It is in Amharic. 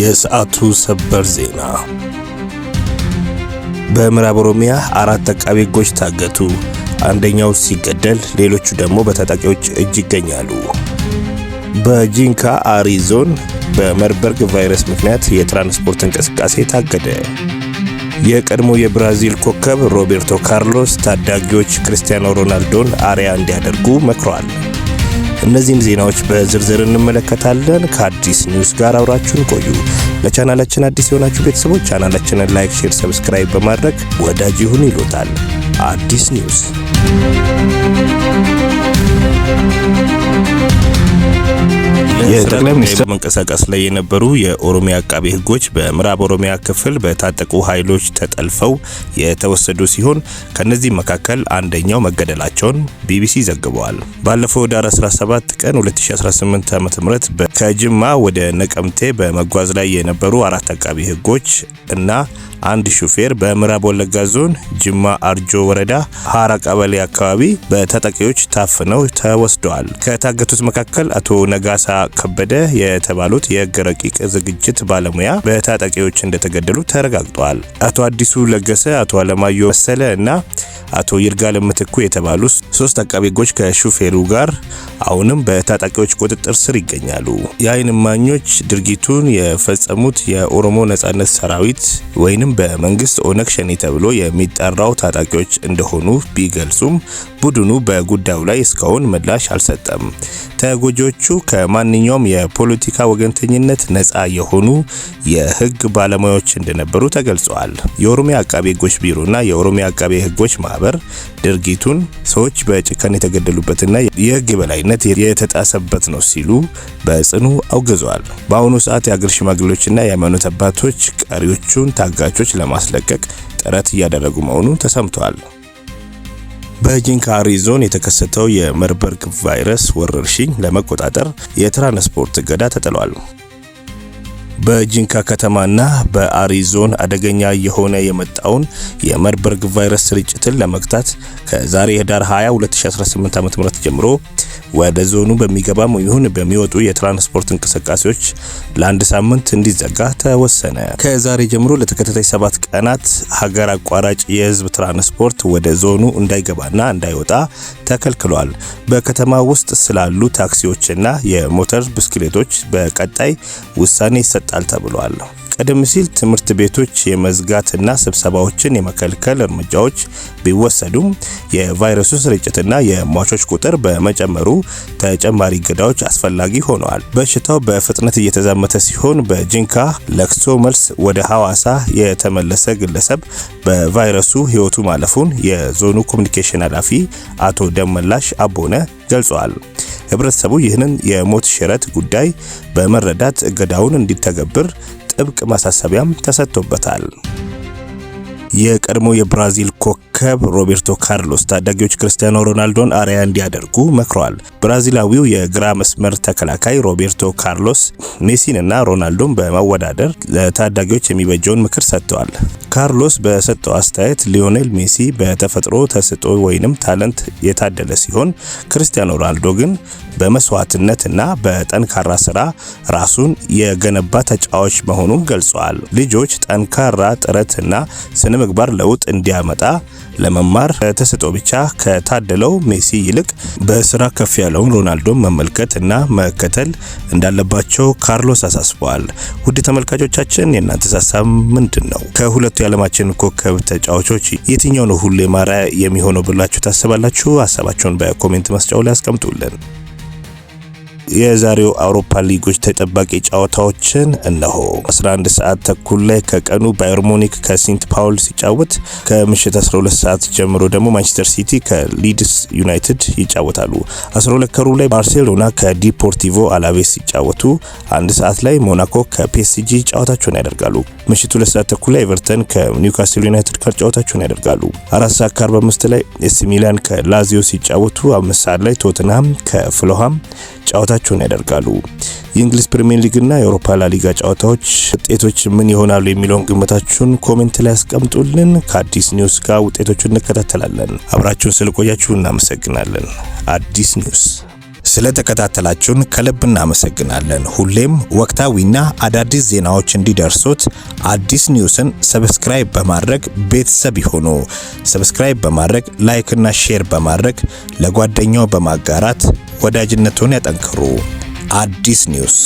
የሰዓቱ ሰበር ዜና በምዕራብ ኦሮሚያ አራት አቃቤ ሕጎች ታገቱ። አንደኛው ሲገደል ሌሎቹ ደግሞ በታጣቂዎች እጅ ይገኛሉ። በጂንካ አሪ ዞን በመርበርግ ቫይረስ ምክንያት የትራንስፖርት እንቅስቃሴ ታገደ። የቀድሞ የብራዚል ኮከብ ሮቤርቶ ካርሎስ ታዳጊዎች ክርስቲያኖ ሮናልዶን አርያ እንዲያደርጉ መክሯል። እነዚህን ዜናዎች በዝርዝር እንመለከታለን። ከአዲስ ኒውስ ጋር አብራችሁን ቆዩ። ለቻናላችን አዲስ የሆናችሁ ቤተሰቦች ቻናላችንን ላይክ፣ ሼር፣ ሰብስክራይብ በማድረግ ወዳጅ ይሁን ይሉታል። አዲስ ኒውስ ጠቅላይ ሚኒስትር መንቀሳቀስ ላይ የነበሩ የኦሮሚያ አቃቤ ህጎች በምዕራብ ኦሮሚያ ክፍል በታጠቁ ኃይሎች ተጠልፈው የተወሰዱ ሲሆን ከነዚህ መካከል አንደኛው መገደላቸውን ቢቢሲ ዘግበዋል። ባለፈው ዳር 17 ቀን 2018 ዓ.ም ከጅማ ወደ ነቀምቴ በመጓዝ ላይ የነበሩ አራት አቃቤ ህጎች እና አንድ ሹፌር በምዕራብ ወለጋ ዞን ጅማ አርጆ ወረዳ ሀራ ቀበሌ አካባቢ በተጠቂዎች ታፍነው ተወስደዋል። ከታገቱት መካከል አቶ ነጋሳ ከበደ የተባሉት የህግ ረቂቅ ዝግጅት ባለሙያ በታጠቂዎች እንደተገደሉ ተረጋግጧል። አቶ አዲሱ ለገሰ፣ አቶ አለማየሁ መሰለ እና አቶ ይርጋለም ምትኩ የተባሉ ሶስት አቃቤጎች ሕጎች ከሹፌሩ ጋር አሁንም በታጣቂዎች ቁጥጥር ስር ይገኛሉ። የአይን እማኞች ድርጊቱን የፈጸሙት የኦሮሞ ነጻነት ሰራዊት ወይንም በመንግስት ኦነግ ሸኔ ተብሎ የሚጠራው ታጣቂዎች እንደሆኑ ቢገልጹም ቡድኑ በጉዳዩ ላይ እስካሁን ምላሽ አልሰጠም። ተጎጂዎቹ ከማንኛውም የፖለቲካ ወገንተኝነት ነጻ የሆኑ የህግ ባለሙያዎች እንደነበሩ ተገልጿል። የኦሮሚያ አቃቤ ሕጎች ቢሮና የኦሮሚያ አቃቤ ህጎች ማህበር ማህበር ድርጊቱን ሰዎች በጭካኔ የተገደሉበትና የህግ የበላይነት የተጣሰበት ነው ሲሉ በጽኑ አውግዘዋል። በአሁኑ ሰዓት የአገር ሽማግሌዎችና የሃይማኖት አባቶች ቀሪዎቹን ታጋቾች ለማስለቀቅ ጥረት እያደረጉ መሆኑ ተሰምተዋል። በጂንካሪ ዞን የተከሰተው የመርበርግ ቫይረስ ወረርሽኝ ለመቆጣጠር የትራንስፖርት እገዳ ተጥሏል። በጂንካ ከተማና በአሪዞን አደገኛ የሆነ የመጣውን የመርበርግ ቫይረስ ስርጭትን ለመግታት ከዛሬ ህዳር 20 2018 ዓ.ም ጀምሮ ወደ ዞኑ በሚገባም ይሁን በሚወጡ የትራንስፖርት እንቅስቃሴዎች ለአንድ ሳምንት እንዲዘጋ ተወሰነ። ከዛሬ ጀምሮ ለተከታታይ ሰባት ቀናት ሀገር አቋራጭ የህዝብ ትራንስፖርት ወደ ዞኑ እንዳይገባና እንዳይወጣ ተከልክሏል። በከተማ ውስጥ ስላሉ ታክሲዎችና የሞተር ብስክሌቶች በቀጣይ ውሳኔ ይሰጣል ተብሏል። ቀደም ሲል ትምህርት ቤቶች የመዝጋትና ስብሰባዎችን የመከልከል እርምጃዎች ቢወሰዱም የቫይረሱ ስርጭትና የሟቾች ቁጥር በመጨመሩ ተጨማሪ እገዳዎች አስፈላጊ ሆነዋል። በሽታው በፍጥነት እየተዛመተ ሲሆን በጂንካ ለክሶ መልስ ወደ ሐዋሳ የተመለሰ ግለሰብ በቫይረሱ ሕይወቱ ማለፉን የዞኑ ኮሚኒኬሽን ኃላፊ አቶ ደመላሽ አቦነ ገልጿል። ህብረተሰቡ ይህንን የሞት ሽረት ጉዳይ በመረዳት እገዳውን እንዲተገብር ጥብቅ ማሳሰቢያም ተሰጥቶበታል። የቀድሞ የብራዚል ኮ ኮከብ ሮቤርቶ ካርሎስ ታዳጊዎች ክርስቲያኖ ሮናልዶን አርያ እንዲያደርጉ መክረዋል። ብራዚላዊው የግራ መስመር ተከላካይ ሮቤርቶ ካርሎስ ሜሲን እና ሮናልዶን በመወዳደር ለታዳጊዎች የሚበጀውን ምክር ሰጥተዋል። ካርሎስ በሰጠው አስተያየት ሊዮኔል ሜሲ በተፈጥሮ ተስጦ ወይንም ታለንት የታደለ ሲሆን ክርስቲያኖ ሮናልዶ ግን በመስዋዕትነት እና በጠንካራ ስራ ራሱን የገነባ ተጫዋች መሆኑን ገልጸዋል። ልጆች ጠንካራ ጥረት እና ስነ ምግባር ለውጥ እንዲያመጣ ለመማር ተሰጦ ብቻ ከታደለው ሜሲ ይልቅ በስራ ከፍ ያለውን ሮናልዶ መመልከት እና መከተል እንዳለባቸው ካርሎስ አሳስበዋል። ውድ ተመልካቾቻችን የእናንተስ ሀሳብ ምንድን ነው? ከሁለቱ የዓለማችን ኮከብ ተጫዋቾች የትኛው ነው ሁሌ ማራ የሚሆነው ብላችሁ ታስባላችሁ? ሀሳባችሁን በኮሜንት መስጫው ላይ አስቀምጡልን። የዛሬው አውሮፓ ሊጎች ተጠባቂ ጨዋታዎችን እነሆ 11 ሰዓት ተኩል ላይ ከቀኑ ባየር ሙኒክ ከሴንት ፓውል ሲጫወት፣ ከምሽት 12 ሰዓት ጀምሮ ደግሞ ማንቸስተር ሲቲ ከሊድስ ዩናይትድ ይጫወታሉ። 12 ከሩብ ላይ ባርሴሎና ከዲፖርቲቮ አላቬስ ሲጫወቱ፣ አንድ ሰዓት ላይ ሞናኮ ከፒኤስጂ ጨዋታቸውን ያደርጋሉ። ምሽት 2 ሰዓት ተኩል ላይ ኤቨርተን ከኒውካስል ዩናይትድ ጋር ጨዋታቸውን ያደርጋሉ። 4 ሰዓት ከ45 ላይ ኤሲ ሚላን ከላዚዮ ሲጫወቱ፣ 5 ሰዓት ላይ ቶትንሃም ከፍሎሃም ጨዋታ ጨዋታቸውን ያደርጋሉ። የእንግሊዝ ፕሪሚየር ሊግና የአውሮፓ ላሊጋ ጨዋታዎች ውጤቶች ምን ይሆናሉ የሚለውን ግምታችሁን ኮሜንት ላይ አስቀምጡልን ከአዲስ ኒውስ ጋር ውጤቶቹን እንከታተላለን። አብራችሁን ስለቆያችሁ እናመሰግናለን። አዲስ ኒውስ ስለተከታተላችሁን ከልብ እናመሰግናለን። ሁሌም ወቅታዊና አዳዲስ ዜናዎች እንዲደርሱት አዲስ ኒውስን ሰብስክራይብ በማድረግ ቤተሰብ ይሁኑ። ሰብስክራይብ በማድረግ ላይክና ሼር በማድረግ ለጓደኛው በማጋራት ወዳጅነቱን ያጠንክሩ። አዲስ ኒውስ